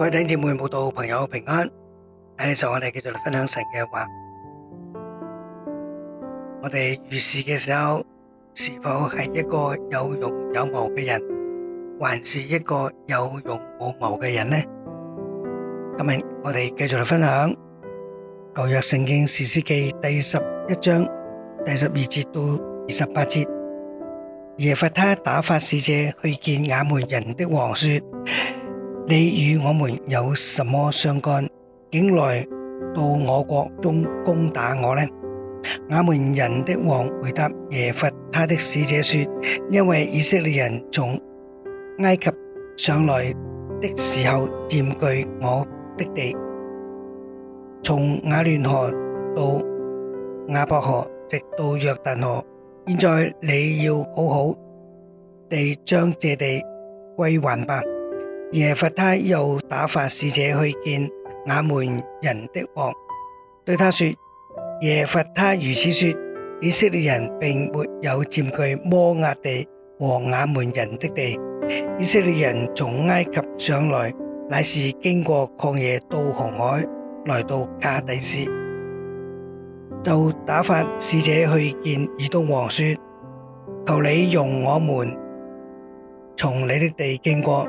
各位弟兄姊妹、慕道朋友平安，喺呢度我哋繼續嚟分享神嘅話。我哋遇事嘅時候，是否係一個有勇有謀嘅人，還是一個有勇無謀嘅人呢？今日我哋繼續嚟分享舊約聖經士師記第十一章第十二節到二十八節。耶弗他打發使者去見亞捫人的王說。你與我們有什麼相干？竟來到我國中攻打我呢？亞門人的王回答耶弗他的使者說：因為以色列人從埃及上來的時候佔據我的地，從亞嫩河到亞伯河，直到約旦河。現在你要好好地將這地歸還吧。耶弗他又打發使者去見亞門人的王，對他說：耶弗他如此說，以色列人並沒有佔據摩押地和亞門人的地。以色列人從埃及上來，乃是經過曠野到紅海，來到加低斯，就打發使者去見以東王說：求你容我們從你的地經過。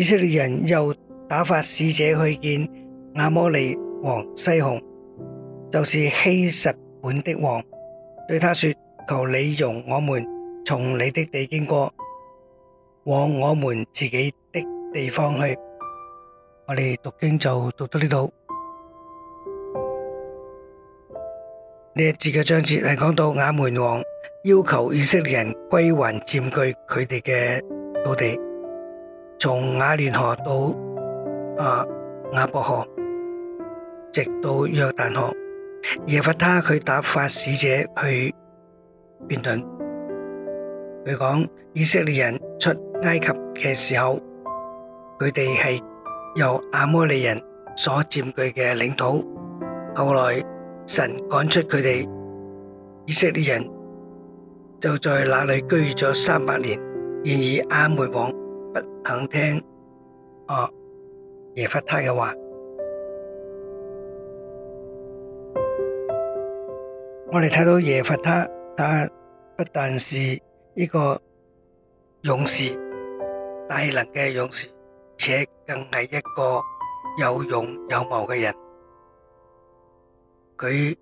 以色列人又打發使者去見亞摩利王西宏，就是希實本的王，對他說：求你容我們從你的地經過，往我們自己的地方去。我哋讀經就讀到呢度。呢一節嘅章節係講到亞捫王要求以色列人歸還佔據佢哋嘅土地。從雅蓮河到啊雅博河，直到約旦河，耶弗他佢打發使者去辯論。佢講以色列人出埃及嘅時候，佢哋係由阿摩利人所佔據嘅領土。後來神趕出佢哋，以色列人就在那裡居住咗三百年。然而阿梅王。不肯聽哦耶弗他嘅話。我哋睇到耶弗他，他不但是一個勇士，大能嘅勇士，且更係一個有勇有謀嘅人。佢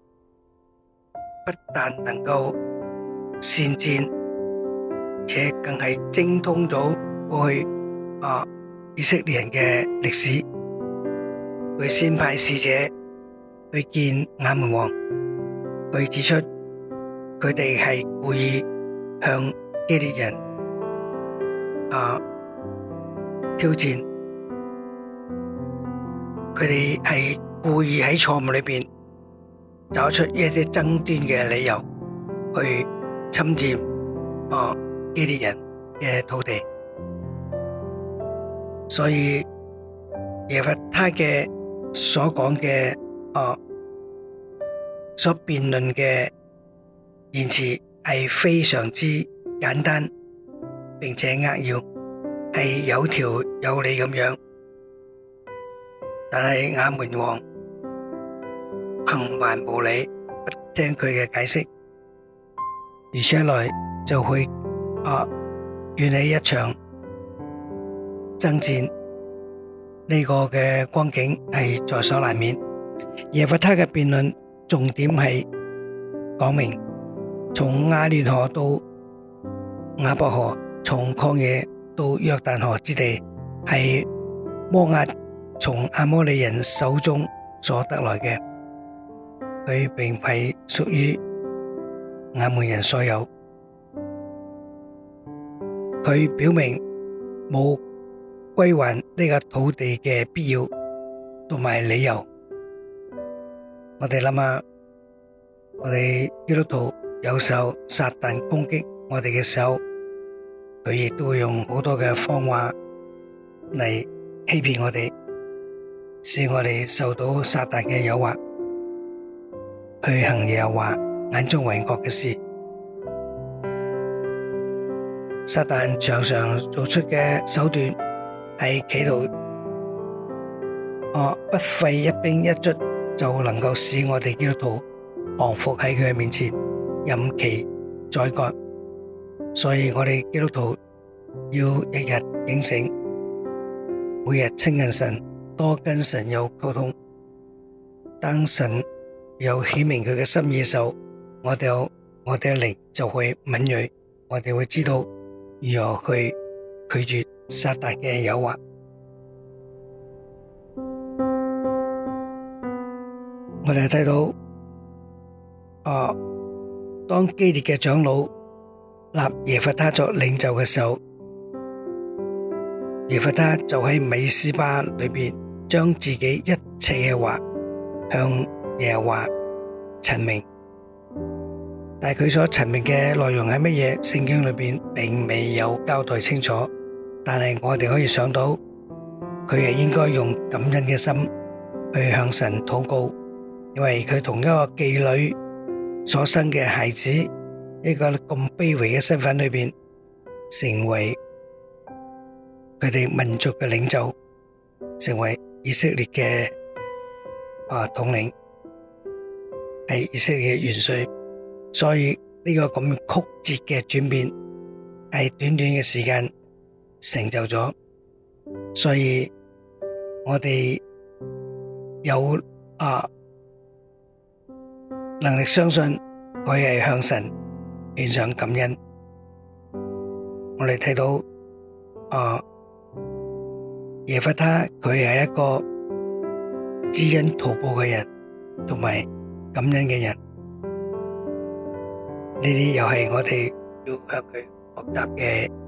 不但能夠善戰，且更係精通咗。過去啊，以色列人嘅歷史，佢先派使者去見亞捫王，佢指出佢哋係故意向基列人啊挑戰，佢哋係故意喺錯誤裏面找出一啲爭端嘅理由去侵佔啊基列人嘅土地。所以耶弗他的所講的啊，所辯論的言辭是非常之簡單，並且扼要，是有條有理咁樣。但是亞捫王橫蠻無理，不聽他的解釋，而且來就會啊，捲起一場。爭戰呢個嘅光景係在所難免。耶弗他嘅辯論重點係講明，從亞嫩河到亞伯河，從曠野到約旦河之地，係摩押從阿摩利人手中所得來嘅，佢並非屬於亞捫人所有。佢表明冇。歸還呢個土地嘅必要同埋理由，我哋諗啊，我哋基督徒有受撒旦攻擊我哋嘅時候，佢亦都會用好多嘅謊話嚟欺騙我哋，使我哋受到撒旦嘅誘惑，去行耶和華眼中為惡嘅事。撒旦常常做出嘅手段，係企度，啊！不費一兵一卒就能夠使我哋基督徒降服喺佢嘅面前，任其宰割。所以我哋基督徒要日日警醒，每日親近神，多跟神有溝通。當神有顯明佢嘅心意嘅時候，我哋我哋嘅靈就會敏銳，我哋會知道如何去拒絕。撒旦嘅誘惑，我哋睇到，誒，當基列嘅長老立耶弗他作領袖嘅時候，耶弗他就喺美斯巴裏邊，將自己一切嘅話向耶和華陳明，但係佢所陳明嘅內容係乜嘢？聖經裏邊並未有交代清楚。但係我哋可以想到，佢亦應該用感恩嘅心去向神禱告，因為佢同一個妓女所生嘅孩子，一個咁卑微嘅身份裡面，成為佢哋民族嘅領袖，成為以色列嘅啊統領，係以色列嘅元帥，所以呢個咁曲折嘅轉變係短短嘅時間。成就咗，所以我哋有啊能力相信佢係向神獻上感恩。我哋睇到啊耶弗他，佢係一個知恩圖報嘅人，同埋感恩嘅人，呢啲又係我哋要向佢學習嘅。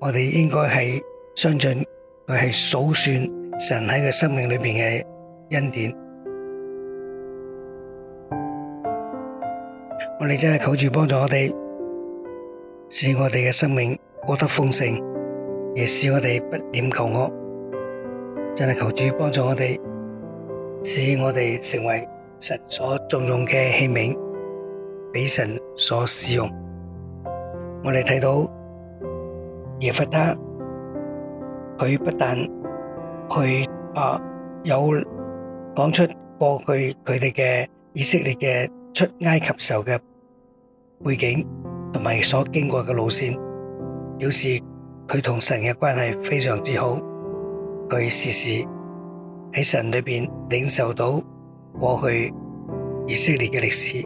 我哋應該係相信佢係數算神喺佢生命裏面嘅恩典。我哋真係求主幫助我哋，使我哋嘅生命過得豐盛，亦使我哋不念舊惡。真係求主幫助我哋，使我哋成為神所重用嘅器皿，俾神所使用。我哋睇到。耶弗他，佢不但去啊有講出過去佢哋嘅以色列嘅出埃及時、嘅背景，同埋所經過嘅路綫，表示佢同神嘅關係非常之好。佢時時喺神裏邊領受到過去以色列嘅歷史。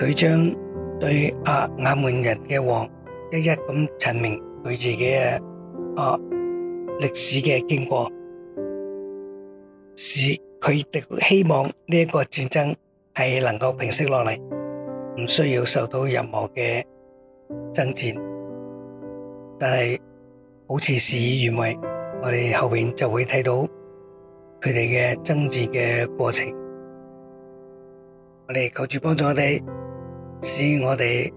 佢將對阿亞捫人嘅王，一一咁陳明佢自己嘅啊歷史嘅經過，是佢哋希望呢一個戰爭係能夠平息落嚟，唔需要受到任何嘅爭戰，但係好似事與願違，我哋後邊就會睇到佢哋嘅爭戰嘅過程。我哋求主幫助我哋，使我哋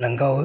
能夠。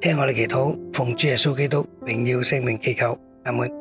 聽我哋祈禱，奉主耶穌基督榮耀聖名祈求，阿門。